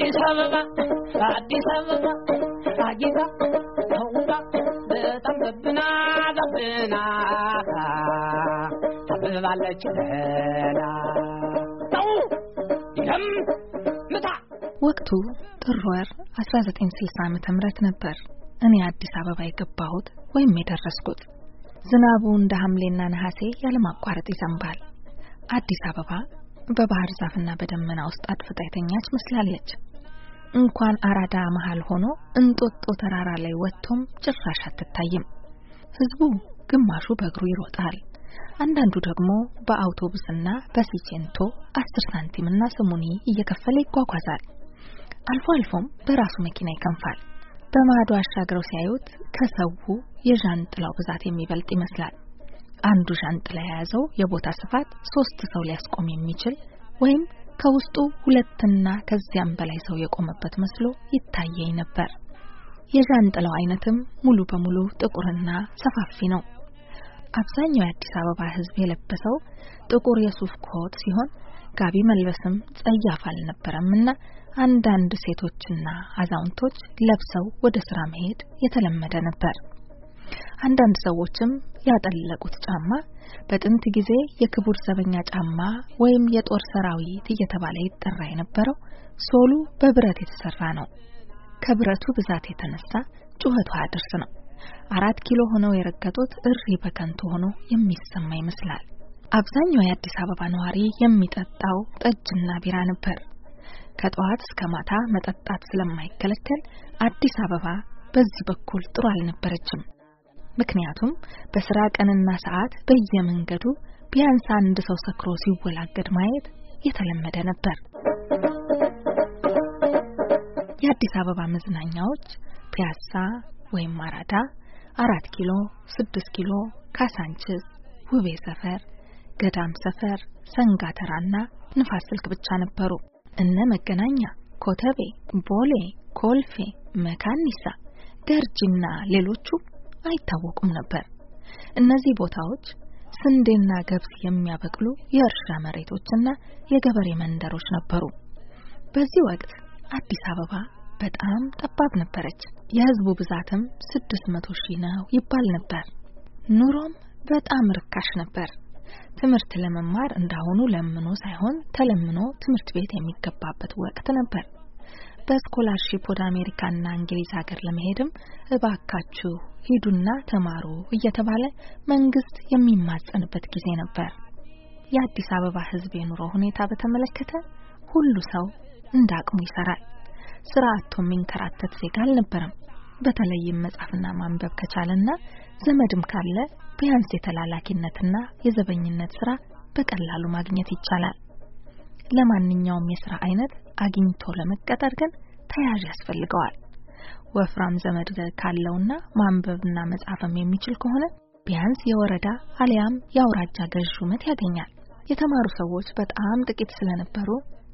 አዲስ አበባ አዲስ አበባ አጊዛ በጣም ዘብና ዘብና ለላ ተው ይለም ምታ ወቅቱ ጥር ወር 1960 ዓ.ም ነበር። እኔ አዲስ አበባ የገባሁት ወይም የደረስኩት። ዝናቡ እንደ ሐምሌና ነሐሴ ያለማቋረጥ ይዘንባል። አዲስ አበባ በባህር ዛፍና በደመና ውስጥ አድፍጣ የተኛች መስላለች። እንኳን አራዳ መሃል ሆኖ እንጦጦ ተራራ ላይ ወጥቶም ጭራሽ አትታይም። ህዝቡ ግማሹ በእግሩ ይሮጣል። አንዳንዱ ደግሞ በአውቶቡስና በሲቼንቶ አስር ሳንቲምና ስሙኒ እየከፈለ ይጓጓዛል። አልፎ አልፎም በራሱ መኪና ይከንፋል። በማዶ አሻግረው ሲያዩት ከሰው የዣንጥላው ብዛት የሚበልጥ ይመስላል። አንዱ ዣንጥላ የያዘው የቦታ ስፋት ሶስት ሰው ሊያስቆም የሚችል ወይም ከውስጡ ሁለትና ከዚያም በላይ ሰው የቆመበት መስሎ ይታየኝ ነበር። የዣንጥላው አይነትም ሙሉ በሙሉ ጥቁርና ሰፋፊ ነው። አብዛኛው የአዲስ አበባ ሕዝብ የለበሰው ጥቁር የሱፍ ኮት ሲሆን ጋቢ መልበስም ጸያፍ እና አንዳንድ ሴቶችና አዛውንቶች ለብሰው ወደ ስራ መሄድ የተለመደ ነበር። አንዳንድ ሰዎችም ያጠለቁት ጫማ በጥንት ጊዜ የክቡር ዘበኛ ጫማ ወይም የጦር ሰራዊት እየተባለ ይጠራ የነበረው ሶሉ በብረት የተሰራ ነው። ከብረቱ ብዛት የተነሳ ጩኸቱ አያደርስ ነው። አራት ኪሎ ሆነው የረገጡት እሪ በከንቱ ሆኖ የሚሰማ ይመስላል። አብዛኛው የአዲስ አበባ ነዋሪ የሚጠጣው ጠጅና ቢራ ነበር። ከጠዋት እስከ ማታ መጠጣት ስለማይከለከል አዲስ አበባ በዚህ በኩል ጥሩ አልነበረችም። ምክንያቱም በስራ ቀንና ሰዓት በየመንገዱ ቢያንስ አንድ ሰው ሰክሮ ሲወላገድ ማየት የተለመደ ነበር። የአዲስ አበባ መዝናኛዎች ፒያሳ ወይም አራዳ፣ አራት ኪሎ፣ ስድስት ኪሎ፣ ካሳንችስ፣ ውቤ ሰፈር፣ ገዳም ሰፈር፣ ሰንጋተራና ንፋስ ስልክ ብቻ ነበሩ። እነ መገናኛ፣ ኮተቤ፣ ቦሌ፣ ኮልፌ፣ መካኒሳ፣ ገርጂና ሌሎቹ አይታወቁም ነበር። እነዚህ ቦታዎች ስንዴና ገብስ የሚያበቅሉ የእርሻ መሬቶችና የገበሬ መንደሮች ነበሩ። በዚህ ወቅት አዲስ አበባ በጣም ጠባብ ነበረች። የህዝቡ ብዛትም ስድስት መቶ ሺህ ነው ይባል ነበር። ኑሮም በጣም ርካሽ ነበር። ትምህርት ለመማር እንዳሁኑ ለምኖ ሳይሆን ተለምኖ ትምህርት ቤት የሚገባበት ወቅት ነበር። በስኮላርሺፕ ወደ አሜሪካና እንግሊዝ ሀገር ለመሄድም እባካችሁ ሂዱና ተማሩ እየተባለ መንግስት የሚማጸንበት ጊዜ ነበር። የአዲስ አበባ ህዝብ የኑሮ ሁኔታ በተመለከተ ሁሉ ሰው እንደ አቅሙ ይሰራል። ስራ አጥቶ የሚንከራተት ዜጋ አልነበረም። በተለይም መጻፍና ማንበብ ከቻለና ዘመድም ካለ ቢያንስ የተላላኪነትና የዘበኝነት ስራ በቀላሉ ማግኘት ይቻላል። ለማንኛውም የስራ አይነት አግኝቶ ለመቀጠር ግን ተያዥ ያስፈልገዋል። ወፍራም ዘመድ ካለውና ማንበብና መጻፍም የሚችል ከሆነ ቢያንስ የወረዳ አሊያም የአውራጃ ገዥ ሹመት ያገኛል። የተማሩ ሰዎች በጣም ጥቂት ስለነበሩ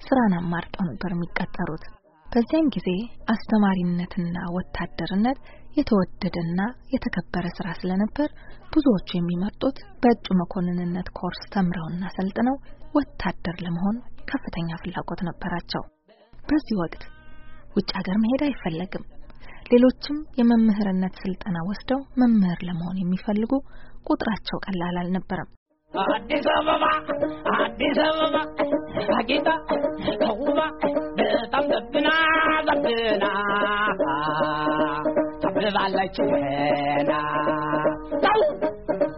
ስራን አማርጠው ነበር የሚቀጠሩት። በዚያን ጊዜ አስተማሪነትና ወታደርነት የተወደደና የተከበረ ስራ ስለነበር ብዙዎቹ የሚመርጡት በእጩ መኮንንነት ኮርስ ተምረውና ሰልጥነው ወታደር ለመሆን ከፍተኛ ፍላጎት ነበራቸው። በዚህ ወቅት ውጭ ሀገር መሄድ አይፈለግም። ሌሎችም የመምህርነት ስልጠና ወስደው መምህር ለመሆን የሚፈልጉ ቁጥራቸው ቀላል አልነበረም። አዲስ አበባ አዲስ አበባ አጌታ ከውባ በጣም ዘብና ዘብና ታብባለች ና ታው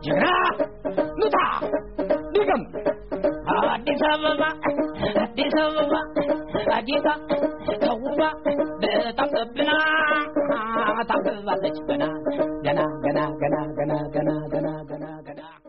ጀግና ኑታ ድገም አዲስ አበባ አዲስ አበባ አዲታ ተውባ በጣም ጠብና ታብባለች ገና ገና ገና ገና ገና ገና ገና ገና